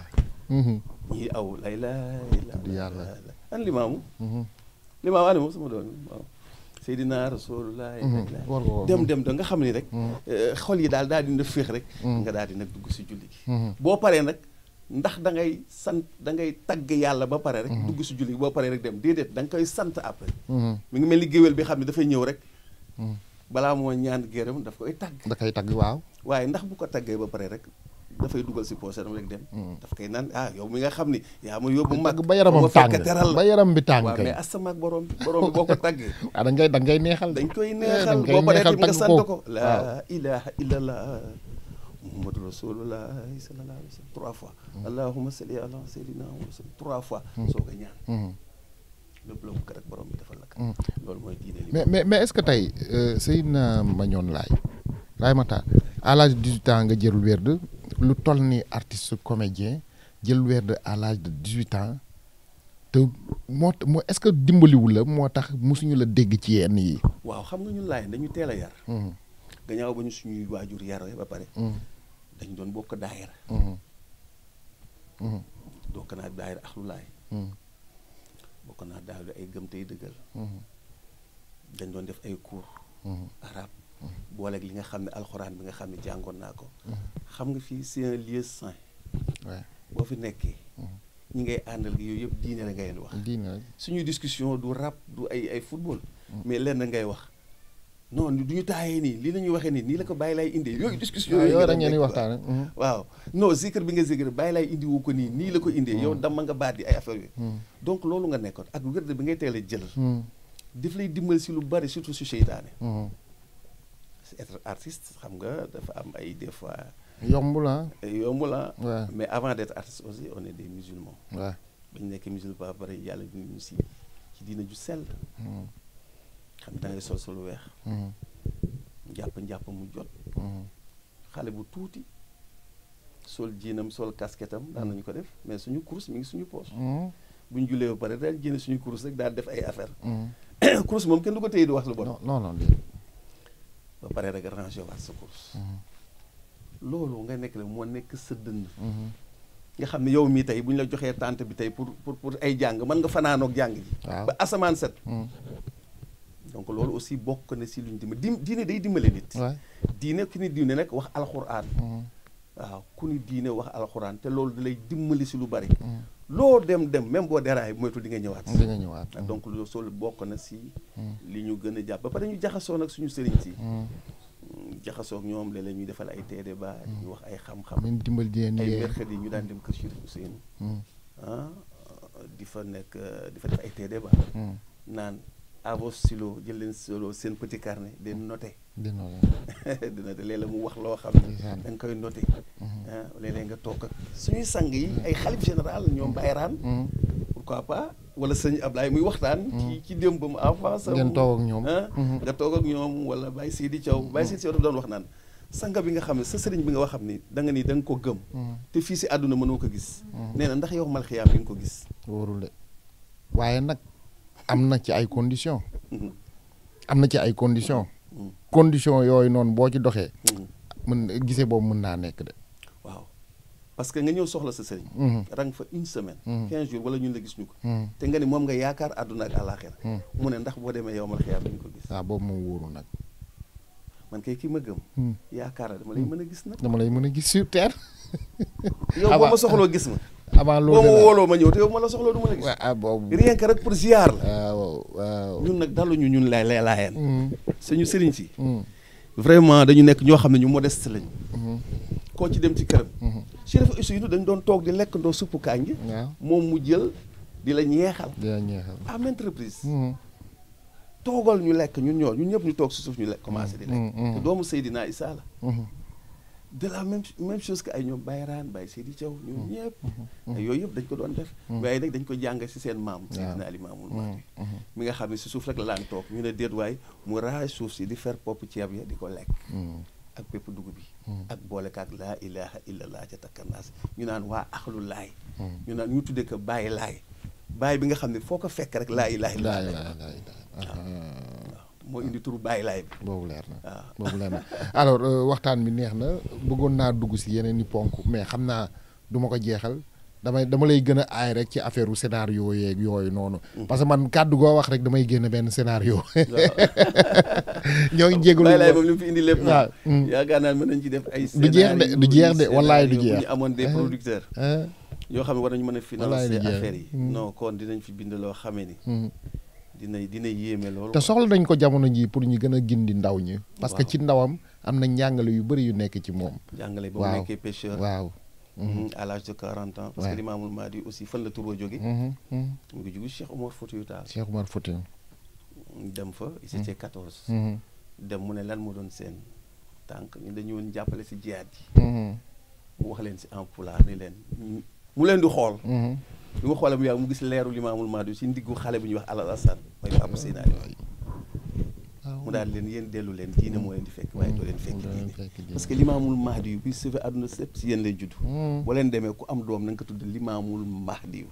mm-hmm. ñii aw lay laa ilaha yàlla an limaamu mm-hmm. limaamu ana moom sama doon waaw sey Seydina Rasulullah mhm. dem dem da nga xam ni rek mhm. eh, xol yi daal daal dina féex rek mhm. nga daal di nag dugg si julli boo paree nag ndax da ngay sant dangay ngay yàlla ba pare rek dugg si julli boo paree rek dem déedéet da nga koy sant après mi ngi mel ni géwél bi xam ne dafay ñëw rek balaa moo ñaan gërëm daf koy tagg da koy tagg waaw waaye ndax bu ko taggee ba pare rek dafay dugal si poosam rek dem. Hmm. daf koy naan ah, yow mi nga xam ni. yaa ma yóbbu mag ba yaramam tàng ba yaram bi tàng kay mais asama ak borom a borom bi boo ko tàggee. ah da ngay ngay neexal. dañ koy eh, neexal boo paree tamit nga ko. laa ilaha illallah. muhammadu rasulullah sallallahu alayhi fois. Hmm. allahumma salli trois fois. Hmm. soo ko ñaan. lépp la loolu mooy diine li mais mais est-ce que tey euh, Seydina Mañoon laay. laay mata à l'âge de 18 ans nga jël werd lu toll ni artiste comédien jël werd à l'âge de 18 ans te moo moo est-ce que dimbaliwu la moo tax musuñu la dégg ci yenn yi. waaw xam nga ñun laay dañu teel a yar. Mm-hmm. gannaaw ba ñu suñuy waajur yaree ba pare. Mm-hmm. dañu doon bokk daayira. Mm-hmm. bokk naa daayira ay gëm tey dëggal. dañ doon def ay cours arabe. booleeg li nga xam ne alxuraan bi nga xam ne jàngoon naa ko. Mhm. xam nga fii c'est un lieu saint. boo fi nekkee. Mhm. ñi ngay àndal gi yooyu yëpp diine la ngay wax. diine la suñuy discussion du rap du ay ay football. Mhm. mais lenn ngay wax. non du ñu taayee nii lii la ñuy waxee nii nii la ko bàyyi laay indee yooyu discussion ah, yooyu rek ngeen di waxtaane waaw bi nga zikr bàyyi laay indi ko nii nii la ko indee yow dama nga baat di ay affaire yooyu donc loolu nga nekkoon ak wérde bi ngay teel a jël daf lay dimbal si lu bari surtout su seytaane être artiste xam nga dafa am ay des fois. yombul ah. yombul ah. mais avant d' être artiste aussi on est des musulmans. waaw ba ñu nekk musulman ba pare yàlla dinañu ñu si ci diina ju sell. Hmm. xam da sol weex. njàpp hmm. njàpp mu jot. Hmm. xale bu tuuti. sol jiinam sol kasketam daan nañu ko def mais suñu course mu ngi suñu poche. bu ñu jullee ba pare daal jéem suñu course rek daal def ay affaire course moom kenn du ko téye di wax lu bon. non non ba pare sa course mm-hmm. loolu nga nekk la moo nekk sa dënn mm-hmm. nga xam ne yow mii tey bu ñu la joxee tànt bi tey pour pour pour ay jàng man nga fanaanoog jàng ji ba asamaan set mm-hmm. donc loolu aussi bokk na si lu ñu dimbali di diine day dimbale nit diine ku ne diine nag wax alxuraan waaw ku ni diine wax alxuraan te loolu dalay dimbali si lu bari loo dem dem même boo déraay moytu di nga ñëwaat. di nga ñëwaat ah, donc loolu sol bokk na si. Hmm. li ñu gën a jàpp ba pare ñu jaxasoo nag suñu sëriñ si. Hmm. Hmm, jaxasoo ñoom léeg-léeg ñuy defal ay tee ba ñu wax ay xam-xam. même dimbali jéen ay mercredi ñu daan dem kër Chérif Ousseynou. ah di fa nekk euh, di fa def ay tee débat naan avos siloo jël leen silo seen petit carnet de noter. dina la dina de léeg mu wax loo xam ne da koy noté mhm. ah, léeg-léeg nga toog ak suñuy sang yi mhm. ay xalif général ñoom mhm. bayraan pourquoi pas wala sëñ Ablaye muy waxtaan ci ci démbam enfance ngeen toog ak ñoom ah, nga toog ak ñoom wala Baye sii di Baye Sidi Thiaw doon wax naan sanga bi nga xam ne sa sëriñ bi nga wax xam ni danga nii ni da ko gëm te fii si àdduna mënoo ko gis nee ndax yow mal xiyaam bi nga ko gis wóorul waaye nag am na ci ay condition am na ci ay condition condition yooyu noonu boo ci doxee. Mm-hmm. mën gisee boobu mën naa nekk de. waaw parce que nga ñëw soxla sa sëriñ. Mm-hmm. rang fa une semaine. Mm-hmm. quinze jours wala ñun la gis ñu ko. te nga ni moom nga yaakaar àdduna ak àllaaxira mu ne ndax boo demee yow mal xiyaar duñu ko gis. waaw ah, boobu moom wóoru nag. man kay ki ma gëm. yaakaar dama lay mën a gis nag. dama lay mën a gis sur terre. yow boo ma soxloo gis ma. avant loolu ma wooloo ma ñëw te yow ma la soxloo du ma la gis. waaw ah, rek pour ziar la. Ah, ñun nag daluñu ñun lay le laayeen. Mm. suñu sëriñ si. Mm. vraiment dañu nekk ñoo xam ne ñu modeste lañu. Mm-hmm. koo ci dem ci këram. Mm-hmm. Chérif Ousseynou dañ doon toog di lekk ndoo suppu kaañ gi. moom mu jël di la ñeexal. di la ñeexal à maintes mm-hmm. toogal ñu lekk ñun ñoo ñun ñëpp ñu toog si suuf ñu lekk commencé di lekk. te doomu Seydina Issa la. de la même même chose que ay ñoom Baye Raan Baye Seydi Thiaw ñoom mm-hmm. ñëpp. Mm-hmm. yooyu yëpp dañ ko doon def. Mm-hmm. waaye nag dañ ko jàng si seen maam. waaw Seydina Ali Maamul Maalik mi nga xam ne si suuf rek la laan toog ñu ne déet waay mu raay suuf si di fer popp ceeb ya di ko lekk. Mm. ak pépp dugub bi. Mm. ak boolekaak laa ilaha illallah laa takkanaas ñu naan waa axlu laay. Mm. ñu naan ñu tuddee ko Baye laay Baye bi nga xam ne foo ko fekk rek laa ilaha illallah. waaw moo indi turu bàyyi laay bi. boobu leer na waaw ah. leer na alors euh, waxtaan bi neex na bëggoon naa dugg si yeneen i ponk mais xam naa duma ko jeexal damay dama lay gën a aay rek ci affaire u scénario yeeg yooyu noonu. Mm-hmm. parce que man kàddu koo wax rek damay génn benn scénario. ñoo ngi jégalu bàyyi laay moom li mu fi indi lépp. Mm. yaakaar naa nañ ci def ay. du jeex de du jeex de wallaay du jeex ñu amoon des eh, producteurs. Eh. yoo xam ne war nañu mën a financer affaire yi. Mm. non kon dinañ fi bind loo xamee ni. Mm. dina dina yéeme loolu. te soxla nañ ko jamono ji pour ñu gën a gindi ndaw ñi. parce que ci ndawam am na njàngale yu bëri yu nekk ci moom. njàngale ba mu nekkee pêcheur waaw. Mm-hmm. Mm-hmm. à l'âge de 40 ans. parce que Limaamul Mahdi aussi fan la tur a jóge. mu ngi jóge Cheikh Omar Foutiyou Tall. Cheikh Omar Foutiyou. dem fa c'était mm-hmm. 14. dem mu ne lan moo doon seen tànk ñu dañu woon jàppale si jiyaat yi. mu wax leen si en pulaar ni leen mu leen di xool. bi ma xoolee mu yàgg mu gis leeru Limaamul Mahdi si ndiggu xale bu ñuy wax Al Hassan mooy papa ah, Seydina Aliou ah, mu daal leen yéen dellu leen diine moo leen di fekk waaye leen fekk diine parce que limaamul mahdi yu buy sauvé àdduna sëpp si yéen lay judd hmm. boo leen demee ku am doom na ko tudd limaamul mahdi yu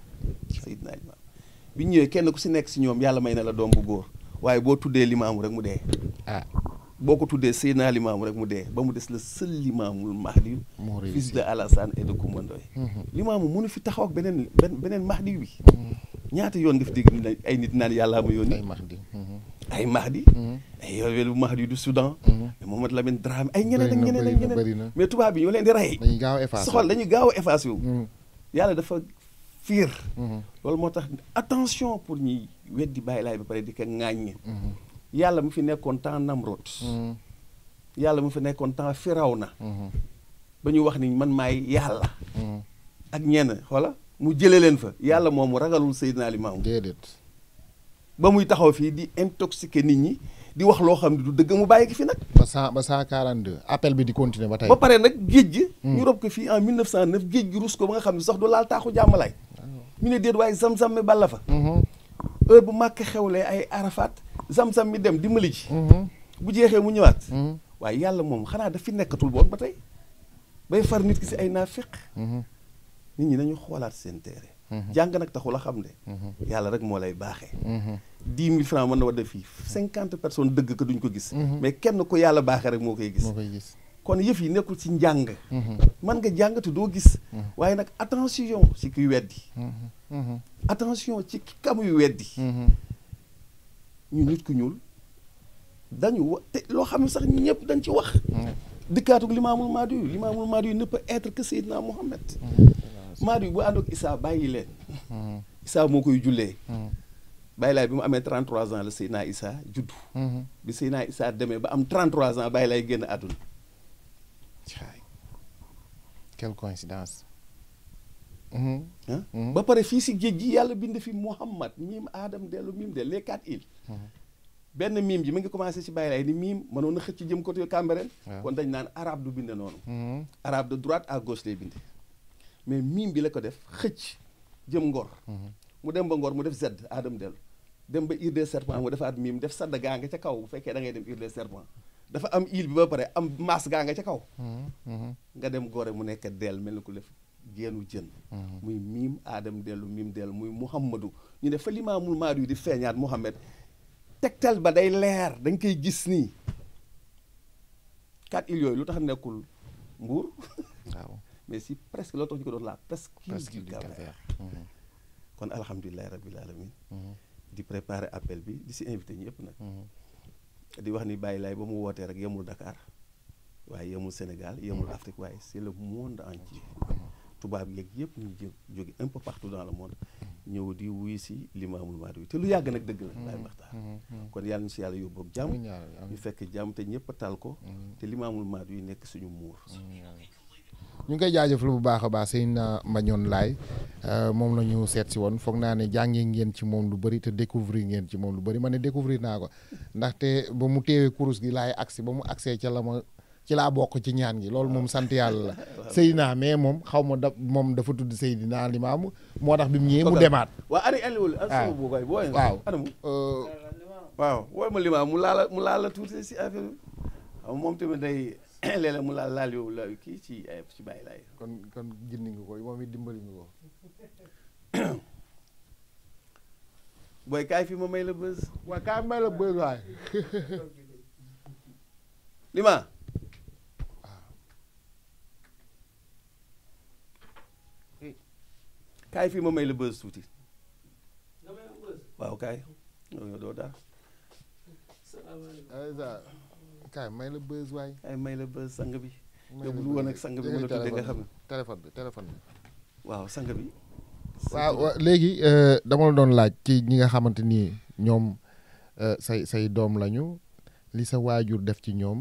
bi ñëwee kenn ku si nekk si ñoom yàlla may na la doom bu góor waaye boo tuddee limaamu rek mu dee ah boo ko tuddee Seydina Limaamu rek mu dee ba mu des la seul Limaamul Mahdi fils de Alassane et de Coumba Ndoye mhm. Limaamu mënu fi taxaw ak beneen beneen Mahdi bi mhm. ñaata yoon nga fi dégg ay nit naan yàllaa ma yónni ay Mahdi mhm. ay yoolu Mahdi du Soudan Mohamed Lamine Dramé ay ñeneen ak ñeneen ak ñeneen mais tubaab bi ñoo leen di rey soxal dañuy gaaw a effacé wu yàlla dafa fiir loolu moo tax attention pour ñuy weddi bàyyi laay ba pare di ko ŋaaññe yàlla mu fi nekkoon temps Namrod mm. yàlla mu fi nekkoon temps na mm-hmm. ba ñu wax ni man maay yàlla mm-hmm. ak ñenn xoola mu jëlee leen fa yàlla moom moomu ragalul Seydina Limaamu déedéet ba muy taxaw fii di intoxiquer nit ñi di wax loo xam ne du dëgg mu bàyyi ko fi nag ba cent ba cent quarante deux appel bi di continuer ba tey ba pare nag géej gi mm. ñu rob ko fii en 1909 géej gi rus ko ba nga xam ne sax du laal taaxu jàmbalaay ah. ñu ne déet waaye zam-zam mi heure bu màkk xewlee ay arafat zam-zam mi dem dimbali ji. Mhm. bu jeexee mu ñëwaat. Mhm. waaye yàlla moom xanaa daf fi nekkatul boon ba tey bay far nit ki si ay naafeq. Mhm. nit ñi dañu xoolaat seen téere. jàng nag taxul a xam ne. yàlla rek moo lay baaxee. dix mille francs mën na wax def fii cinquante personnes dëgg ko duñ ko gis. mais kenn ko yàlla baaxe rek moo koy gis. kon yëf yi nekkul si njàng. man nga jàngatu doo gis. waaye nag attention si kuy weddi. Mm-hmm. attention ci yu weddi mm-hmm. ñu nit ku ñuul dañu wa te loo xam ne sax ñu ñëpp dañ ci wax mm-hmm. dëkkaatug limaamul maadu yu limaamul maadu yu ne peut être que Seydina Mohamed maadu yu bu ànd ak Isaa bàyyi leen Isaa moo koy jullee bàyyi laay bi mu amee 33 ans la Seydina Isaa juddu bi Seydina Isaa demee ba am 33 ans bàyyi lay génn àdduna Mhm. ba pare fii si géej gi yàlla bind fi Muhammad miim Adam dellu miim de les quatre îles. Mhm. benn miim ji mi ngi commencé si bàyyi laay ni miim mënoon na xëcc jëm côté Cambérène. kon dañ naan arabe du binde noonu. Mhm. arabe de droite à gauche lay binde. mais miim bi la ko def xëcc jëm ngor. mu dem ba ngor mu def Z Adam dellu. dem ba île de serpents mu defaat miim def sadd gaa nga ca kaw bu fekkee da ngay dem île des serpents. dafa am île bi ba pare am maas gaa nga ca kaw. nga dem gore mu nekk del mel ni ku lef geenu jën mhm. muy miim aadam dellu miim dellu muy muhammadu ñu ne fa limaamul maadu yi di feeñaat muhammad tegtal ba day leer dañ koy gis nii quatre îles yooyu lu tax nekkul mbuur si presque loo tax ko doon la presqu'île kon alhamdulilahi rabbil alamin mhm. di préparer appel bi di si invité ñëpp nag mhm. di wax ni bàyyi laay ba mu wootee rek yemul ndakaar waaye yemul Sénégal yemul Afrique waaye c'est le monde entier tubaab yeeg yëpp ñu jé jóge un peu partout dans le monde ñëw di wuy si limaamul maado yi te lu yàgg nag dëgg la laay mm-hmm. maxtaar mm-hmm. kon yàlla ñu mm-hmm. bu baax a baax sëñ euh, la ñu seet si woon foog naa ne jàngee ngeen ci moom lu bëri te découvrir ngeen ci moom lu bëri ma ne découvrir naa ko ndaxte ba mu teewee kurus gi laay agsi ba mu agsee ca la ma ci laa bokk ci ñaan gi loolu moom sant yàlla la Seydina mais moom xaw ma da moom dafa tudd Seydina Limaamu moo tax bi mu demaat waaw ari aliwul waaw euh, waaw wooy ma limaam mu laala mu laala tuuti si affaire moom tamit day léeg-léeg mu laal laal yow la kii ci ci laay kon kon jëndi ko booy kaay fii ma may la bës waaw kaay may la bës waay lima kaay fii ma may la bës tuuti waaw kaay may la bës waay. may la bës sang bi. may la bës woon ak sang bi ma xam ne. bi téléphone bi. waaw sang bi. waaw léegi euh, dama la doon laaj ci ñi nga xamante ni ñoom euh, say say doom lañu li sa waajur def ci ñoom.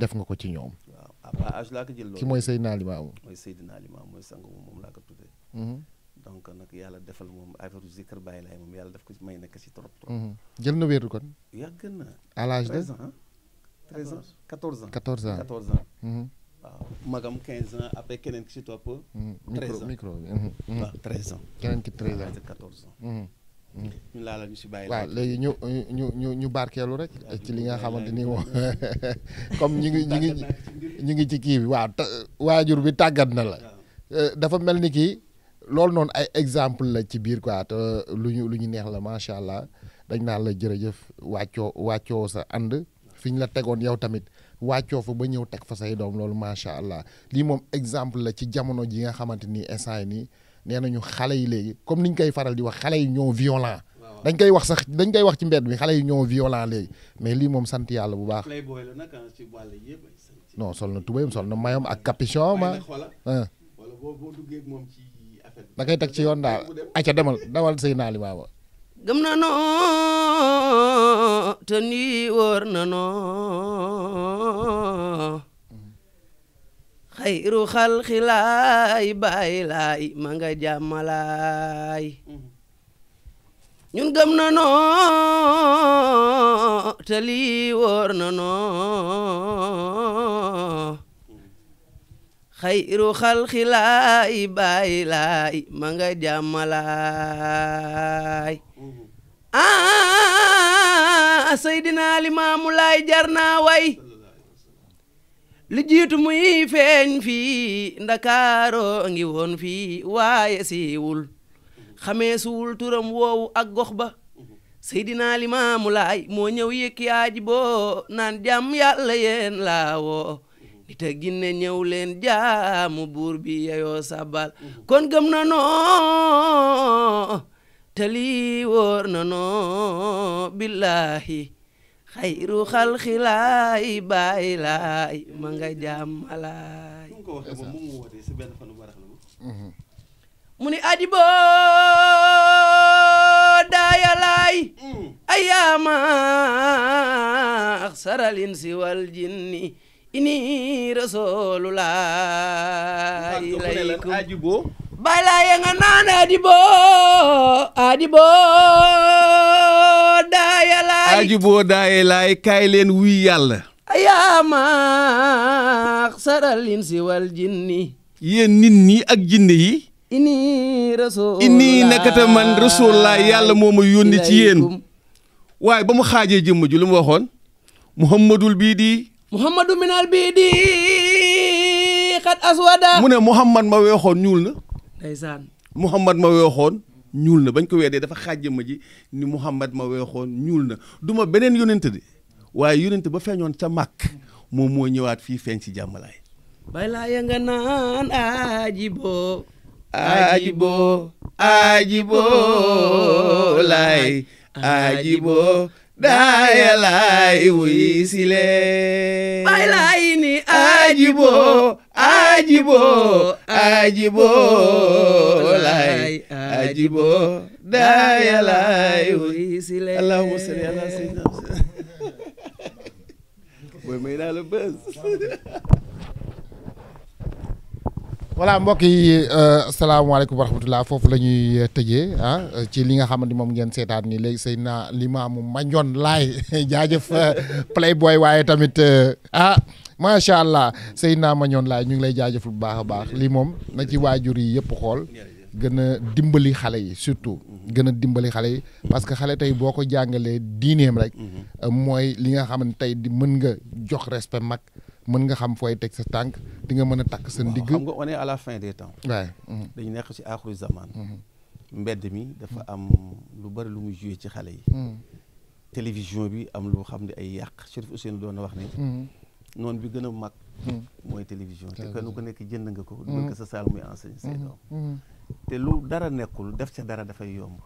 def nga ko ci ñoom. waaw ah laa ki mooy Seydina Limaamu. mooy Seydina Limaamu mooy sang moom laa ko tuddee. Mm-hmm. donc nag yàlla defal moom affaire zikr bàyyi laay moom yàlla daf ko may nekk si trop mhm. na wéeru kon. yàgg à l'âge de 13 ans 13 ans 14 ans 14 mhm. magam 15 ans après keneen ki si topp. Mhm. ans micro micro bi. waaw ans. keneen ki 13 ans 14 ans. ñu laala ñu si bàyyi. waaw léegi ñu ñu ñu ñu barkeelu rek. ci li nga xamante ni comme ñu ngi ñu ngi ñu ngi ci kii bi waaw waajur bi tàggat na la. Euh, dafa mel ni kii. loolu noonu ay exemple la ci biir quoi te lu ñu lu ñu neex la macha allah dañ naan la jërëjëf wàccoo wàccoo sa ànd fi la tegoon yow tamit wàccoo fa ba ñëw teg fa say doom loolu macha allah lii moom exemple la ci jamono ji nga xamante ni instant yi nii nee nañu xale yi léegi comme ni ñu koy faral di wax xale yi ñoo violent dañ koy wax sax dañ koy wax ci mbedd mi xale yi ñoo violent léegi mais lii moom sant yàlla bu baax. Ah, non sol na tubéyam sol na mayam ak capuchon ma. wala boo duggee da koy teg ci yoon daal acca demal dawal sëy naa li baaba gëm na noo te nii wóor na noo xayru xalxi laay bàyyi laay ma jàmmalaay ñun gëm na noo te lii wóor na noo xayru xalxilaay baay laay ma nga jàmmalaay uhuh. ah Seydina Limaamu Laay jar naa way li jiitu muy feeñ fii ndakaaroo ngi woon fii waaye siiwul xamee suwul turam woowu ak gox ba Seydina Limaamu Laay moo ñëw yëkk yaa ji naan jàmm yàlla yéen laa woo nit a ginne ñëw leen jaamu buur bi yeyoo sabal mm-hmm. kon gëm na noo te lii wóor na noo billaahi xayru xalxilaay baay laay ma nga jàmmalaay mm-hmm. mu ni adibo daayalaay mm. ayaama saralin si jinni ini rasulullah ilaykum ajibo wuy yàlla yaa maxsaral insi jinni yéen nit ñi ak jinne yi ini rasul ini nakata yàlla moo yónni ci yéen waaye ba mu xaajee jëmm ju lu mu waxoon muhammadul bii di muhammadu minal bii di xat aswada mu ne muhammad ma weexoon ñuul na ndeysaan muhammad ma weexoon ñuul na bañ ko weedee dafa xàjja ma ji ni muhammad ma weexoon ñuul na du ma beneen yonent de waaye yonent ba feeñoon ca màkk moom moo ñëwaat fii feeñ ci jàmmalaay balaa ya nga naan aajiboo aajiboo aajiboo laay aajiboo daaya laay wuy sile bay laay ni ajibo ajibo ajibo laay ajibo daaya laay wuy sile allahumma salli ala sayyidina booy may naa la bës voilà mbokk yi euh, asalaamaaleykum wa rahmatulah foofu la ñuy euh, tëjee ah ci li nga xamante moom ngeen seetaan nii léegi sëy na limaamu Mandione Laye jaajëf euh, playboy waaye tamit ah macha allah sëy naa Mandione Laye ñu ngi lay jaajëfal bu baax a baax lii moom na ci waajur yi yëpp xool gën a dimbali xale yi surtout gën a dimbali xale yi parce que xale tey boo ko jàngalee diineem rek mm-hmm. mooy li nga xam tey di mën nga jox respect mag. mën nga xam fooy teg sa tànk di nga mën a takk sa ndigg xam nga fin des temps waay mmh. dañu nekk si aaxiru zaman mmh. mbedd mi dafa am lu bari lu muy joué ci xale yi mmh. télévision bi am lu xam ne ay yàq Chérif Ousseynou doon wax ne noonu bi gën a mag mooy télévision te kenn ko nekk jënd nga ko dugal ko sa saal muy enseigner say doom te lu dara nekkul def ca dara dafay yomb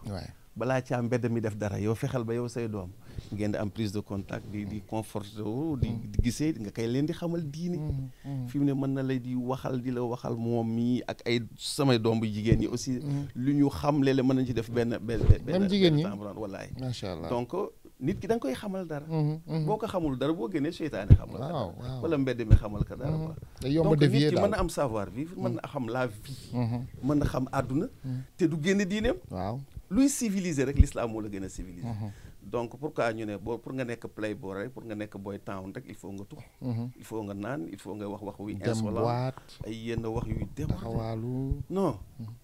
balaa caa mbedd mi def dara yow fexeel ba yow say doom ngeen di am prise de contact di di conforté wu mm. di gisee nga koy leen di xamal diine mm, mm. fi mu ne mën na la di waxal di la waxal moom mii ak ay samay doom bu jigéen ñi aussi lu ñu xam léeg-léeg mën nañ ci def benn benn jigéen ñi wallaay macha allah donc nit ki da koy xamal dara mm-hmm, mm-hmm. boo ko xamul dara boo génnee seytaane xamal ka dara wala mbedd mi xamal ka dara mm-hmm. quoi donc nit ki mën na am savoir vivre mën na xam la vie mën na xam àdduna te du génne diineem waaw luy civiliser rek l'islam moo la gën a civiliser. Mhm. donc pourquoi ñu ne boo pour nga nekk playboy rek pour nga nekk boy town rek il faut nga tux mhm. il faut nga naan il faut nga wax wax wi insolent ay yenn wax yuy déwaalu non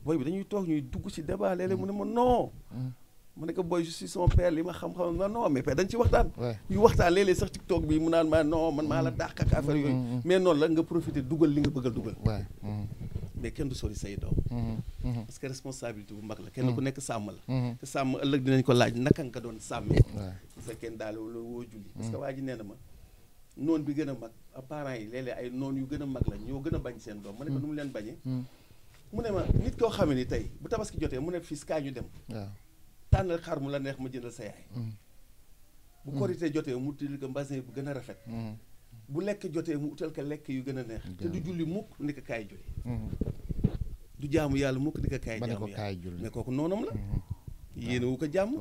booy bi dañuy toog ñuy dugg ci débat léeg mu ne ma mhm. noo mu ne ko booy je suis son père li ma xam-xam na non mais père dañ ci waxtaan ñu waxtaan léeg-léeg sax TikTok bi mu naan ma non man maa la dàq ak affaire yooyu mais noonu la nga profiter dugal li nga bëgg a dugal mais kenn du sori say doom mm-hmm. parce que responsabilité bu mag la mm-hmm. kenn ku nekk sàmm la mm-hmm. te sàmm ëllëg dinañ ko laaj naka nga ko doon sàmmee parce que kenn daal loolu woo julli parce que waa ji nee na ma noon bi gën a mag ah, parents yi léeg ay noon yu gën a mag la ñoo gën a bañ seen doom ma ne ko nu mu leen bañee mu ne ma nit koo xamee ni tey bu tabaski jotee mu ne fii ñu dem tànnal xar mu la neex ma jëndal sa yaay bu korité jotee mu til ko mbasin bu gën a rafet bu lekk jotee mu utal ko lekk yu gën a neex te du julli mukk ni kaay julli mhm. du jaamu yàlla mukk ni ko kaay jaamu yàlla mais kooku noonam la mhm. wu ko jàmm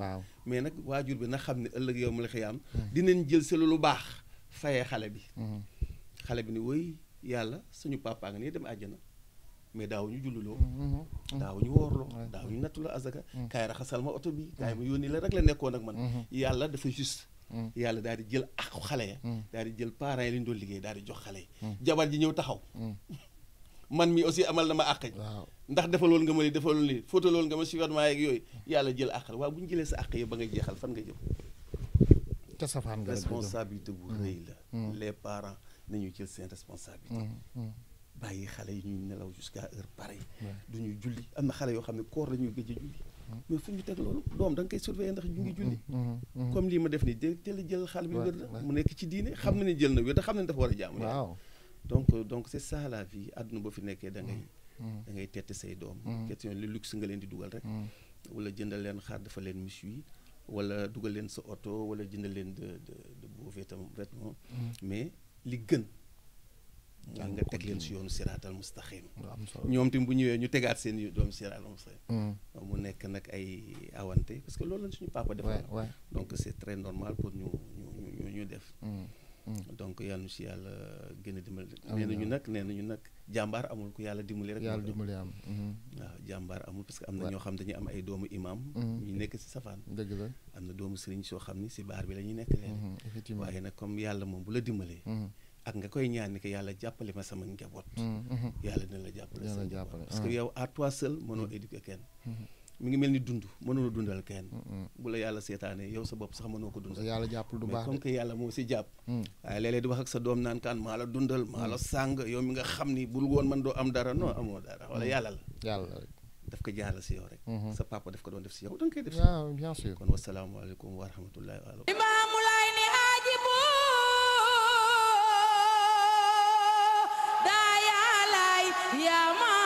mais nag waajur bi na xam ne ëllëg yow mu la xiyaam mhm. dinañ jël si lu baax fayee xale bi xale bi ni woy yàlla suñu papa nga nii dem àjjana mais daawuñu julluloo daawuñu woorloo daawuñu nattuloo azaka kaay raxasal ma oto bi kaay ma yónni la rek la nekkoon ak man yàlla dafa juste Mm. yàlla daal di jël ak xale ya mm. daal di jël parents yi li ñu doon liggéey daal di jox xale yi mm. jabar ji ñëw taxaw man mi aussi amal na ma àq ndax defaloon nga ma li defaloon li fóotaloon nga ma survêtement yeeg yooyu yàlla jël àq waaw bu ñu jëlee àq yi ba nga jeexal fan nga jëm ca safaan nga responsabilité bu rëy la les parents nañu jël seen responsabilité bàyyi xale yi ñuy nelaw jusqu'à heure yi du ñu julli am na xale yoo xam ne koor la ñuy gëj a julli mais fu ñu teg loolu doom da nga koy surveiller ndax ñu ngi mm-hmm. julli mm-hmm. Mm-hmm. comme lii ma def nii teel a jël xaal bi wér mu nekk ci diine xam na ne jël na wér da xam na ne dafa war a jaamu waaw donc donc c'est ça la vie àdduna boo fi nekkee da ngay da ngay tette say doom question li luxe nga leen di dugal rek wala jëndal leen xaar dafa leen monsieur wala dugal leen sa oto wala jëndal leen de de de beaux vêtements mais li gën waaw nga teg leen si yoonu siraatal mustaxim ñoom tim bu ñëwee ñu tegaat seen yoonu doom siraatal mustaxim mm. mu nekk nag ay awante parce que loolu lañ suñu papa defal donc c'est très normal pour ñu ñu ñu ñu def mm, mm. donc yàlla nu si yàlla a dimbali nee nañu nag nee nañu nag jàmbaar amul ku yàlla dimbali rek yàlla am mm-hmm. waaw amul parce que ñoo xam dañuy am ay doomu imam mm-hmm. ñu nekk am na doomu sëriñ soo xam ni si baar bi la ñuy nekk leen mm-hmm. effectivement waaye nag comme yàlla moom bu la dimbalee ak nga koy ñaan ni que yàlla jàppale ma sama njaboot. Mm, mm-hmm. yàlla dina la jàppale sa njaboot ah. parce que yow à toi seul mënoo mm-hmm. éduquer kenn. Mm-hmm. mi ngi mel ni dund mënuloo dundal kenn. bu la yàlla seetaanee yow sa bopp sax mënoo ko dundal. yàlla jàppul du baax comme que moo si jàpp. Mm. waaye léeg-léeg di wax sa doom naan kaan maa la dundal maa la mm. sàng yow mi nga xam ni bul woon man doo am dara non amoo dara wala yàlla la. yàlla daf ko jaaral si yow rek. sa papa daf ko doon def si yow da nga koy def si. waaw bien sûr kon wasalaamaaleykum wa yaa ma